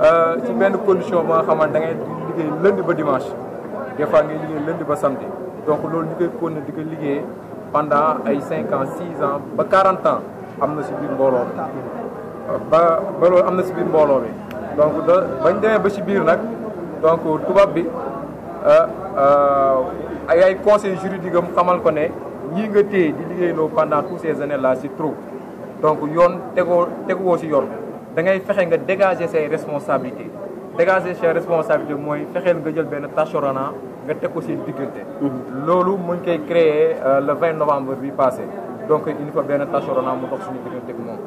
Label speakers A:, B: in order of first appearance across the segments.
A: Euh, ci benn condition ba nga xamante da liggéey lundi ba dimanche des fois ngay liggéey lundi ba samedi donc loolu ñu koy continuer di ko liggéey pendant ay cinq ans six ans ba quarante ans am na si biir mbooloo bi ba ba loolu am na si biir mbooloo bi donc da bañ demee ba si biir nag donc tubaab bi euh, euh, ay ay conseil juridique am xamal ko ne ñii nga téye di loo pendant toutes ces années la si trop donc yoon tegoo teguwoo si yoon da ngay fexe nga dégager say responsabilités dégager ses responsabilités moy fexeel nga jël ben tâcheronant nga teg ko seen diggante. Mhm. loolu mu ngi koy créer euh, le 20 novembre bi passé donc une fois ben tâcheronant mu dox suñu diggante mom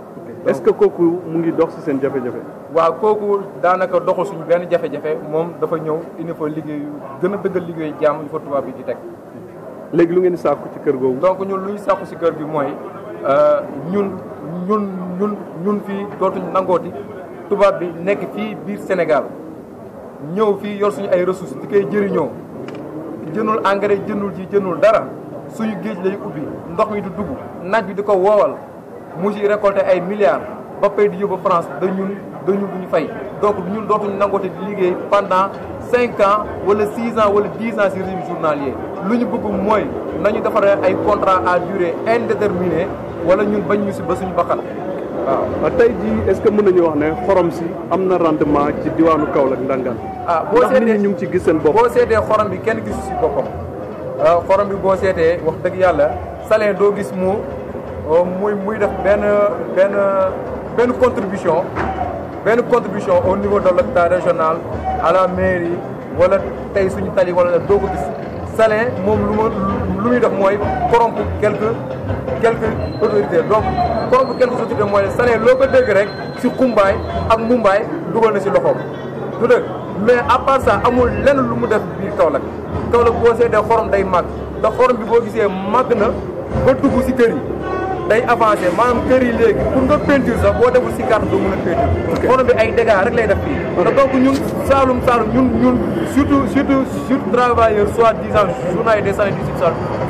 A: est-ce que koku mu ngi dox ci sen jafé jafé wa koku danaka doxul suñu ben jafé jafé mom dafa ñëw une fois liggéeyu gëna a dëggal liggéeyu jàmm yu fa tubaab bi di teg. légui lu ngeen di ci kër googu. donc ñun luy sàkku ci kër bi moy euh ñun. ñun ñun ñun fii dootuñ nangooti tubaab bi nekk fii biir Sénégal ñëw fii yor suñu ay ressources di koy jëriñoo jëndul engrais jëndul ji jëndul dara suñu géej lañu ubbi ndox mi du dugg naaj bi di ko woowal mu ci récolter ay milliards ba pay di yóbbu France dañun dañun bu ñu fay donc ñun dootuñ nangooti di liggéey pandant cinq ans wala six ans wala dix ans ci régime journalier lu ñu bëgg mooy nañu defaree ay contrat à durée indéterminée wala ñun bañ ñu si ba suñu bakkan waaw ah, tey jii est-ce que mën nañu wax ne xorom si am na rendement ci diwaanu Kaolack Ndangaan ah boo seetee ñu ngi ci gis seen bopp boo seetee xorom bi kenn gis si boppam ah, xorom bi boo seetee wax dëgg yàlla salin doo gis mu oh, muy muy def benn benn benn contribution benn contribution au niveau de l'État régional à la mairie wala tey suñu tali wala doo ko gis salin moom lu ma lui muy def mooy corrompre quelques quelques autorités donc corrompre quelques autorités mooy ne Sané loo ko dégg rek si xumbaay ak mumbaay dugal na si loxoom du dëgg mais à part ça amul lenn lu mu def biir Kaolack Kaolack boo seetee xorom day màgg te xorom bi boo gisee màgg na ba dugg si kër yi day avancé manam kër yi léegi pour nga peinture sax boo defu si carte doo mën a peinture xorom bi ay dégâts rek lay def fii te donc ñun Saalum Saalum ñun ñun surtout surtout surtout travailleur soit disant journal des Sané du Sud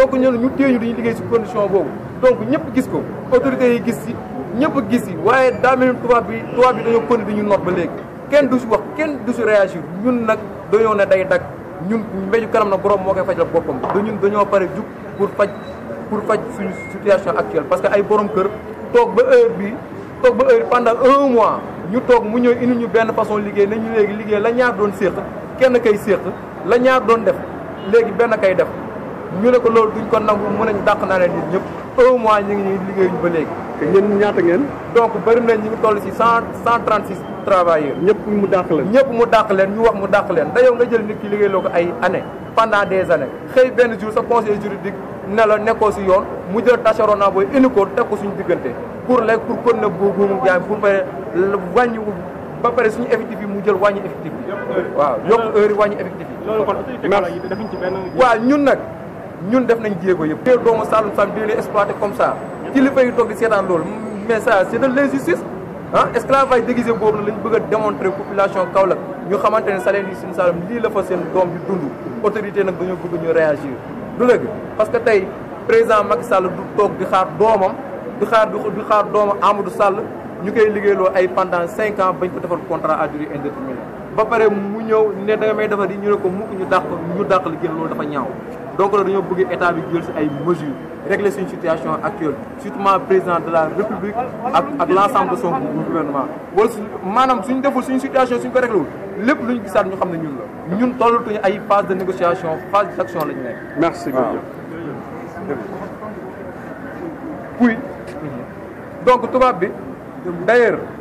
A: donc ñun ñu téye ñu dañuy liggéey ci condition bobu donc ñepp gis ko autorité yi gis ci ñepp gis ci waye da mel ni bi tubaab bi dañu kon di ñu nopp ba légui kenn du ci wax kenn du ci réagir ñun nak dañu né day dag ñun mbéju kanam na borom mo koy fajj la bopam boppam ñun dañu paré juk pour fajj pour fajj suñu situation actuelle parce que ay borom kër tok ba heure bi tok ba heure pendant un mois ñu tok mu ñëw inu ñu benn façon liggéey nañu légui liggéey la ñaar doon séx kenn kay séx la ñaar doon def légui benn kay def ñu ne ko loolu duñ ko nangu mu nañ dàq naa leen nit ñëpp mois ñu ngi ñuy ba léegi te ngeen ñaata ngeen donc bëri na ñu ngi toll si cent cent trente six travailleurs ñëpp mu dàq leen ñëpp mu dàq leen ñu wax mu dàq leen da nga jël nit ki liggéey loo ko ay anne pendant des années xëy benn jour sa conseil juridique ne la nekkoo si yoon mu jël tâcheronnaa booy indi ko teg ko suñu diggante pour lay pour kon na buubuumu jaay pour pare wàññi ba pare suñu effectif yi mu jël wàññi effectif yi waaw yokk heure yi wàññi ñun nag ñun def nañ jéego yëpp tée doomu Saloum Saloum dina exploité comme ça kilifa yi toog di seetaan loolu mais ça c'est de l'injustice ah esclavage déguisé boobu la ñu bëgg a démontrer population Kaolack ñu xamante ne Saloum yi suñu Saloum lii la fa seen doom bi dund autorité nag dañoo bëgg ñu réagir du dëgg parce que tey président Macky Sall du toog di xaar doomam di xaar di xaar doomu Amadou Sall ñu koy liggéeyloo ay pendant cinq ans bañ ko defal contrat à durée indéterminée ba pare mu ñëw ne da nga may defar yi ñu ne ko mukk ñu dàq ñu dàq liggéey loolu dafa ñaaw donc nous avons besoin état bi jël mesures régler cette situation actuelle surtout président de la république à l'ensemble de son gouvernement. Madame, suñ maanaam suñ situation suñ ko réglé wul lépp lu ñu gisaat nous ñun la ñun phase de négociation phase d'action. merci beaucoup. Oui. donc tout bi bien. D'ailleurs.